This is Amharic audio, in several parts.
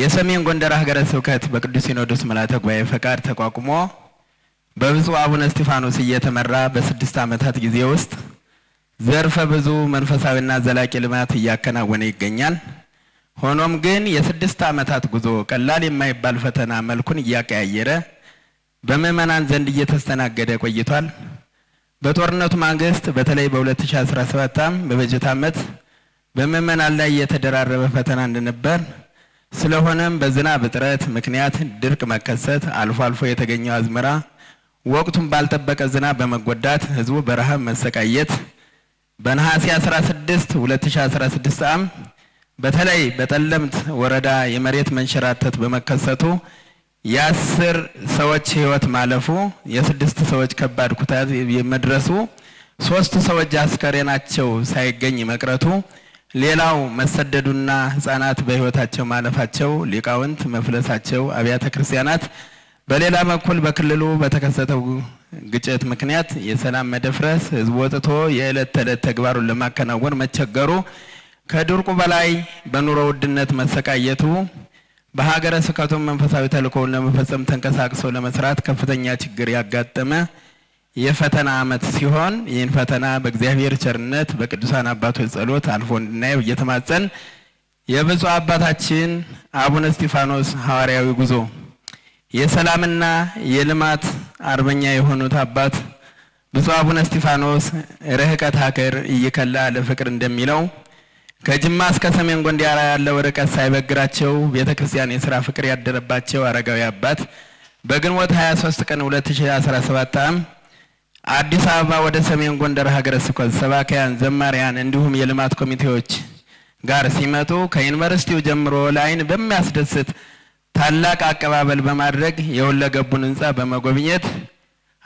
የሰሜን ጎንደር ሀገረ ስብከት በቅዱስ ሲኖዶስ ምልዓተ ጉባኤ ፈቃድ ተቋቁሞ በብፁዕ አቡነ እስጢፋኖስ እየተመራ በስድስት ዓመታት ጊዜ ውስጥ ዘርፈ ብዙ መንፈሳዊና ዘላቂ ልማት እያከናወነ ይገኛል። ሆኖም ግን የስድስት ዓመታት ጉዞ ቀላል የማይባል ፈተና መልኩን እያቀያየረ በምዕመናን ዘንድ እየተስተናገደ ቆይቷል። በጦርነቱ ማግስት በተለይ በ2017 ዓ.ም በበጀት ዓመት በምዕመናን ላይ የተደራረበ ፈተና እንደነበር፣ ስለሆነም በዝናብ እጥረት ምክንያት ድርቅ መከሰት፣ አልፎ አልፎ የተገኘው አዝመራ ወቅቱን ባልጠበቀ ዝናብ በመጎዳት ህዝቡ በረሃብ መሰቃየት በነሐሴ 16 2016 ዓ.ም በተለይ በጠለምት ወረዳ የመሬት መንሸራተት በመከሰቱ የአስር ሰዎች ህይወት ማለፉ የስድስት ሰዎች ከባድ ኩታት መድረሱ ሶስት ሰዎች አስከሬናቸው ሳይገኝ መቅረቱ ሌላው መሰደዱና ህጻናት በህይወታቸው ማለፋቸው ሊቃውንት መፍለሳቸው አብያተ ክርስቲያናት በሌላ በኩል በክልሉ በተከሰተው ግጭት ምክንያት የሰላም መደፍረስ ህዝብ ወጥቶ የዕለት ተዕለት ተግባሩን ለማከናወን መቸገሩ፣ ከድርቁ በላይ በኑሮ ውድነት መሰቃየቱ በሀገረ ስብከቱም መንፈሳዊ ተልእኮውን ለመፈጸም ተንቀሳቅሶ ለመስራት ከፍተኛ ችግር ያጋጠመ የፈተና ዓመት ሲሆን ይህን ፈተና በእግዚአብሔር ቸርነት በቅዱሳን አባቶች ጸሎት አልፎ እንድናየው እየተማጸን የብፁዕ አባታችን አቡነ እስጢፋኖስ ሐዋርያዊ ጉዞ የሰላምና የልማት አርበኛ የሆኑት አባት ብፁዕ አቡነ እስጢፋኖስ ርህቀት ሀገር እየከላ ለፍቅር እንደሚለው ከጅማ እስከ ሰሜን ጎንደር ያለው ርቀት ሳይበግራቸው ቤተ ክርስቲያን የስራ ፍቅር ያደረባቸው አረጋዊ አባት በግንቦት 23 ቀን 2017 ዓ.ም አዲስ አበባ ወደ ሰሜን ጎንደር ሀገረ ስብከት ሰባካያን፣ ዘማሪያን እንዲሁም የልማት ኮሚቴዎች ጋር ሲመጡ ከዩኒቨርሲቲው ጀምሮ ለአይን በሚያስደስት ታላቅ አቀባበል በማድረግ የወለገቡን ህንፃ በመጎብኘት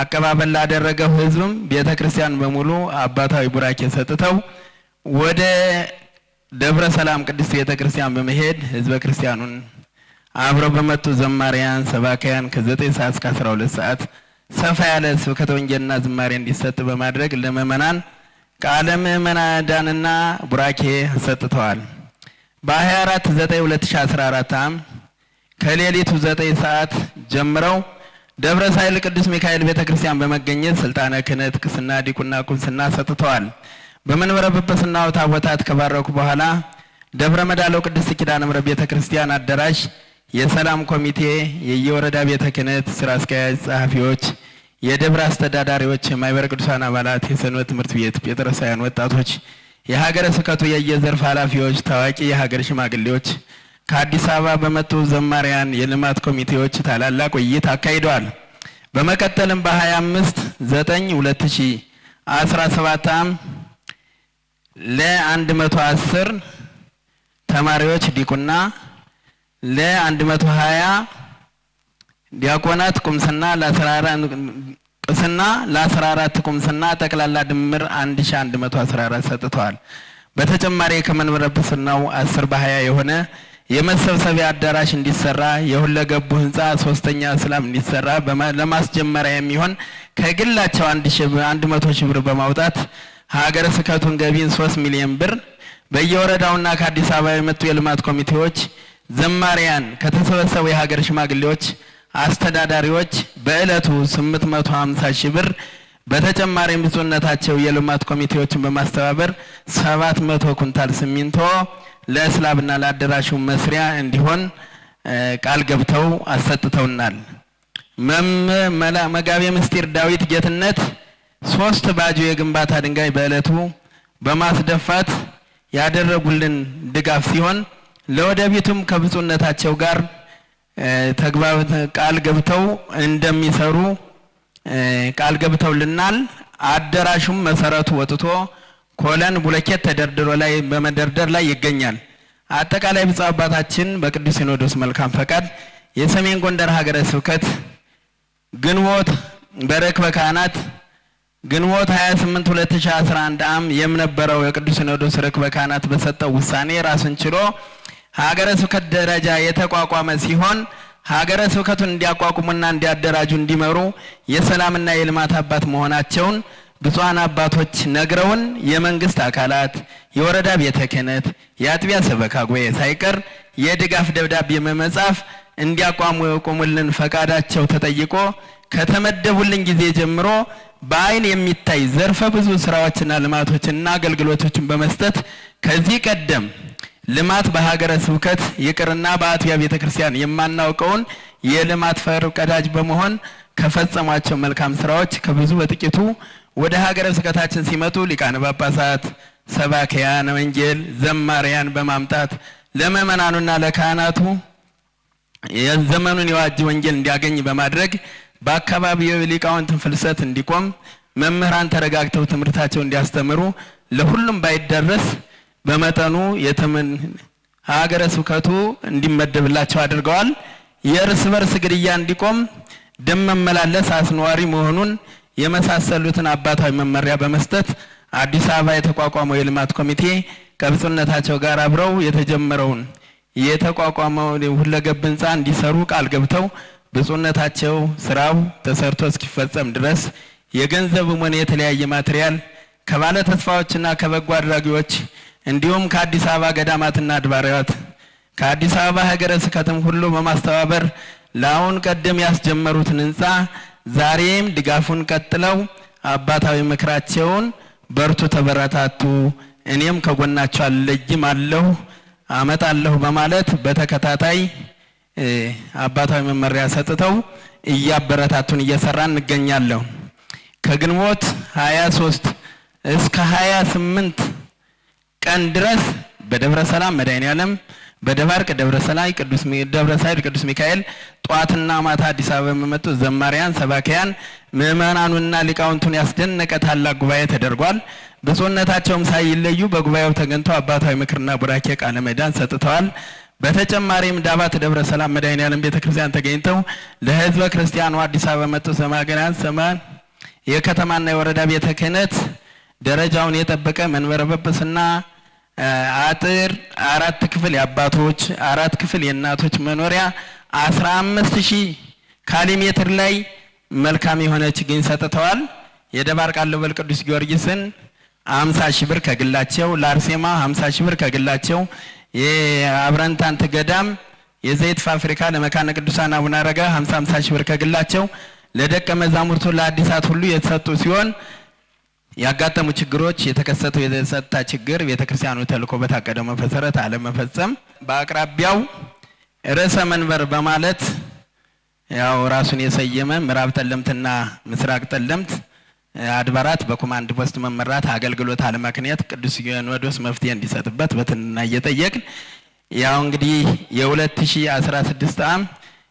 አቀባበል ላደረገው ህዝብም ቤተ ክርስቲያን በሙሉ አባታዊ ቡራኬ ሰጥተው ወደ ደብረ ሰላም ቅድስት ቤተ ክርስቲያን በመሄድ ህዝበ ክርስቲያኑን አብረው በመጡ ዘማሪያን ሰባካያን ከዘጠኝ ሰዓት እስከ አስራ ሁለት ሰዓት ሰፋ ያለ ስብከተ ወንጌልና ዝማሬ እንዲሰጥ በማድረግ ለምእመናን ቃለ ምዕዳንና ቡራኬ ሰጥተዋል። በ24 9 2014 ዓ.ም ከሌሊቱ ዘጠኝ ሰዓት ጀምረው ደብረ ሳይል ቅዱስ ሚካኤል ቤተ ክርስቲያን በመገኘት ስልጣነ ክህነት፣ ቅስና፣ ዲቁና፣ ቁምስና ሰጥተዋል። በመንበረ ጵጵስናው ታቦታት ከባረኩ በኋላ ደብረ መዳለው ቅድስት ኪዳነ ምሕረት ቤተ ክርስቲያን አዳራሽ የሰላም ኮሚቴ፣ የየወረዳ ቤተ ክህነት ስራ አስኪያጅ ጸሐፊዎች፣ የደብረ አስተዳዳሪዎች፣ የማይበር ቅዱሳን አባላት፣ የሰንበት ትምህርት ቤት ጴጥሮሳውያን ወጣቶች፣ የሀገረ ስብከቱ የየዘርፍ ኃላፊዎች፣ ታዋቂ የሀገር ሽማግሌዎች ከአዲስ አበባ በመጡ ዘማሪያን የልማት ኮሚቴዎች ታላላቅ ውይይት አካሂደዋል። በመቀጠልም በ25 9 2017 ዓ.ም ለ110 ተማሪዎች ዲቁና፣ ለ120 ዲያቆናት ቁምስና ቅስና ለ14 ቁምስና ጠቅላላ ድምር 1114 ሰጥተዋል። በተጨማሪ ከመንበረ ጵጵስናው 10 በ20 የሆነ የመሰብሰቢያ አዳራሽ እንዲሰራ፣ የሁለገቡ ህንፃ ሶስተኛ ስላም እንዲሰራ ለማስጀመሪያ የሚሆን ከግላቸው አንድ መቶ ሺህ ብር በማውጣት ሀገረ ስብከቱን ገቢን ሶስት ሚሊዮን ብር በየወረዳውና ከአዲስ አበባ የመጡ የልማት ኮሚቴዎች፣ ዘማሪያን ከተሰበሰቡ የሀገር ሽማግሌዎች፣ አስተዳዳሪዎች በእለቱ መቶ ሀምሳ ሺህ ብር በተጨማሪም ብፁዕነታቸው የልማት ኮሚቴዎችን በማስተባበር መቶ ኩንታል ሲሚንቶ ለእስላብና ለአዳራሹ መስሪያ እንዲሆን ቃል ገብተው አሰጥተውናል። መጋቤ ምስጢር ዳዊት ጌትነት ሶስት ባጆ የግንባታ ድንጋይ በእለቱ በማስደፋት ያደረጉልን ድጋፍ ሲሆን ለወደፊቱም ከብፁዕነታቸው ጋር ቃል ገብተው እንደሚሰሩ ቃል ገብተውልናል። አዳራሹም መሰረቱ ወጥቶ ኮለን ቡለኬት ተደርድሮ ላይ በመደርደር ላይ ይገኛል። አጠቃላይ ብፁዕ አባታችን በቅዱስ ሲኖዶስ መልካም ፈቃድ የሰሜን ጎንደር ሀገረ ስብከት ግንቦት በርክበ ካህናት ግንቦት 28 2011 ዓ.ም የምነበረው የቅዱስ ሲኖዶስ ርክበ ካህናት በሰጠው ውሳኔ ራሱን ችሎ ሀገረ ስብከት ደረጃ የተቋቋመ ሲሆን ሀገረ ስብከቱን እንዲያቋቁሙና እንዲያደራጁ እንዲመሩ የሰላምና የልማት አባት መሆናቸውን ብፁዓን አባቶች ነግረውን የመንግስት አካላት የወረዳ ቤተ ክህነት የአጥቢያ ሰበካ ጉባኤ ሳይቀር የድጋፍ ደብዳቤ መመጻፍ እንዲያቋሙ የቆሙልን ፈቃዳቸው ተጠይቆ ከተመደቡልን ጊዜ ጀምሮ በአይን የሚታይ ዘርፈ ብዙ ስራዎችና ልማቶችና አገልግሎቶችን በመስጠት ከዚህ ቀደም ልማት በሀገረ ስብከት ይቅርና በአጥቢያ ቤተ ክርስቲያን የማናውቀውን የልማት ፈር ቀዳጅ በመሆን ከፈጸሟቸው መልካም ስራዎች ከብዙ በጥቂቱ ወደ ሀገረ ስብከታችን ሲመጡ ሊቃነ ጳጳሳት፣ ሰባኪያን ወንጌል፣ ዘማሪያን በማምጣት ለምእመናኑና ለካህናቱ የዘመኑን የዋጅ ወንጌል እንዲያገኝ በማድረግ በአካባቢው ሊቃውንትን ፍልሰት እንዲቆም መምህራን ተረጋግተው ትምህርታቸው እንዲያስተምሩ ለሁሉም ባይደረስ በመጠኑ የተመን ሀገረ ስብከቱ እንዲመደብላቸው አድርገዋል። የእርስ በርስ ግድያ እንዲቆም ደም መመላለስ አስነዋሪ መሆኑን የመሳሰሉትን አባታዊ መመሪያ በመስጠት አዲስ አበባ የተቋቋመው የልማት ኮሚቴ ከብፁዕነታቸው ጋር አብረው የተጀመረውን የተቋቋመው ሁለገብ ህንፃ እንዲሰሩ ቃል ገብተው ብፁዕነታቸው ስራው ተሰርቶ እስኪፈጸም ድረስ የገንዘብም ሆነ የተለያየ ማቴሪያል ከባለ ተስፋዎችና ከበጎ አድራጊዎች እንዲሁም ከአዲስ አበባ ገዳማትና አድባራት ከአዲስ አበባ ሀገረ ስብከትም ሁሉ በማስተባበር ለአሁን ቀደም ያስጀመሩትን ህንፃ ዛሬም ድጋፉን ቀጥለው አባታዊ ምክራቸውን በርቱ፣ ተበረታቱ፣ እኔም ከጎናቸው አልለይም አለሁ አመጣለሁ በማለት በተከታታይ አባታዊ መመሪያ ሰጥተው እያበረታቱን እየሰራ እንገኛለሁ። ከግንቦት 23 እስከ 28 ቀን ድረስ በደብረ ሰላም መድኃኔ በደባርቅ ደብረ ሰላይ ደብረ ሳይድ ቅዱስ ሚካኤል ጠዋትና ማታ አዲስ አበባ የሚመጡ ዘማሪያን፣ ሰባኪያን፣ ምዕመናኑና ሊቃውንቱን ያስደነቀ ታላቅ ጉባኤ ተደርጓል። ብፁዕነታቸውም ሳይለዩ በጉባኤው ተገኝተው አባታዊ ምክርና ቡራኬ ቃለ መዳን ሰጥተዋል። በተጨማሪም ዳባት ደብረ ሰላም መድኃኔዓለም ቤተክርስቲያን ተገኝተው ለህዝበ ክርስቲያኑ አዲስ አበባ መጡ ሰማዕታት ሰማዕት የከተማና የወረዳ ቤተ ክህነት ደረጃውን የጠበቀ መንበረ ጵጵስና አጥር አራት ክፍል የአባቶች አራት ክፍል የእናቶች መኖሪያ አስራ አምስት ሺህ ካሊ ሜትር ላይ መልካም የሆነ ችግኝ ሰጥተዋል። የደባርቅ አለበል ቅዱስ ጊዮርጊስን አምሳ ሺህ ብር ከግላቸው ለአርሴማ አምሳ ሺህ ብር ከግላቸው የአብረንታንት ገዳም የዘይት ፋብሪካ ለመካነ ቅዱሳን አቡነ አረጋ 50 50 ሺህ ብር ከግላቸው ለደቀ መዛሙርቱ ለአዲሳት ሁሉ የተሰጡ ሲሆን ያጋጠሙ ችግሮች የተከሰተው የጸጥታ ችግር ቤተክርስቲያኑ ተልእኮ በታቀደው መሰረት አለመፈጸም፣ በአቅራቢያው ርዕሰ መንበር በማለት ያው ራሱን የሰየመ ምዕራብ ጠለምትና ምስራቅ ጠለምት አድባራት በኮማንድ ፖስት መመራት አገልግሎት አለመክንያት ቅዱስ ሲኖዶስ መፍትሄ እንዲሰጥበት በትንና እየጠየቅን ያው እንግዲህ የ2016 ዓ.ም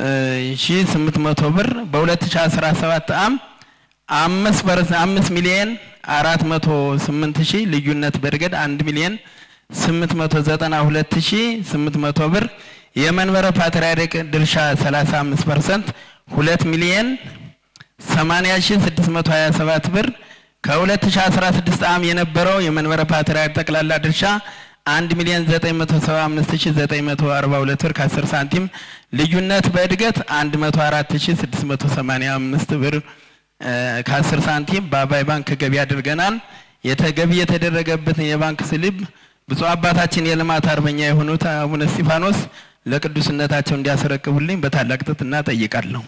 800 ብር በ2017 ዓ.ም 5 ሚሊዮን ስምንት ሺህ ልዩነት በእድገት 1 ሚሊዮን 892 ሺህ መቶ ብር የመንበረ ፓትርያርክ ድርሻ 35% 2 ሚሊዮን 80 ሺህ ሰባት ብር አስራ ስድስት ዓ.ም የነበረው የመንበረ ፓትርያርክ ጠቅላላ ድርሻ አንድ ሚሊዮን 975942 ብር ከ10 ሳንቲም ልዩነት በእድገት 104685 ብር ከ10 ሳንቲም በአባይ ባንክ ገቢ አድርገናል። የተገቢ የተደረገበት የባንክ ስሊብ ብፁዕ አባታችን የልማት አርበኛ የሆኑት አቡነ እስጢፋኖስ ለቅዱስነታቸው እንዲያስረክቡልኝ በታላቅ ትሕትና እጠይቃለሁ።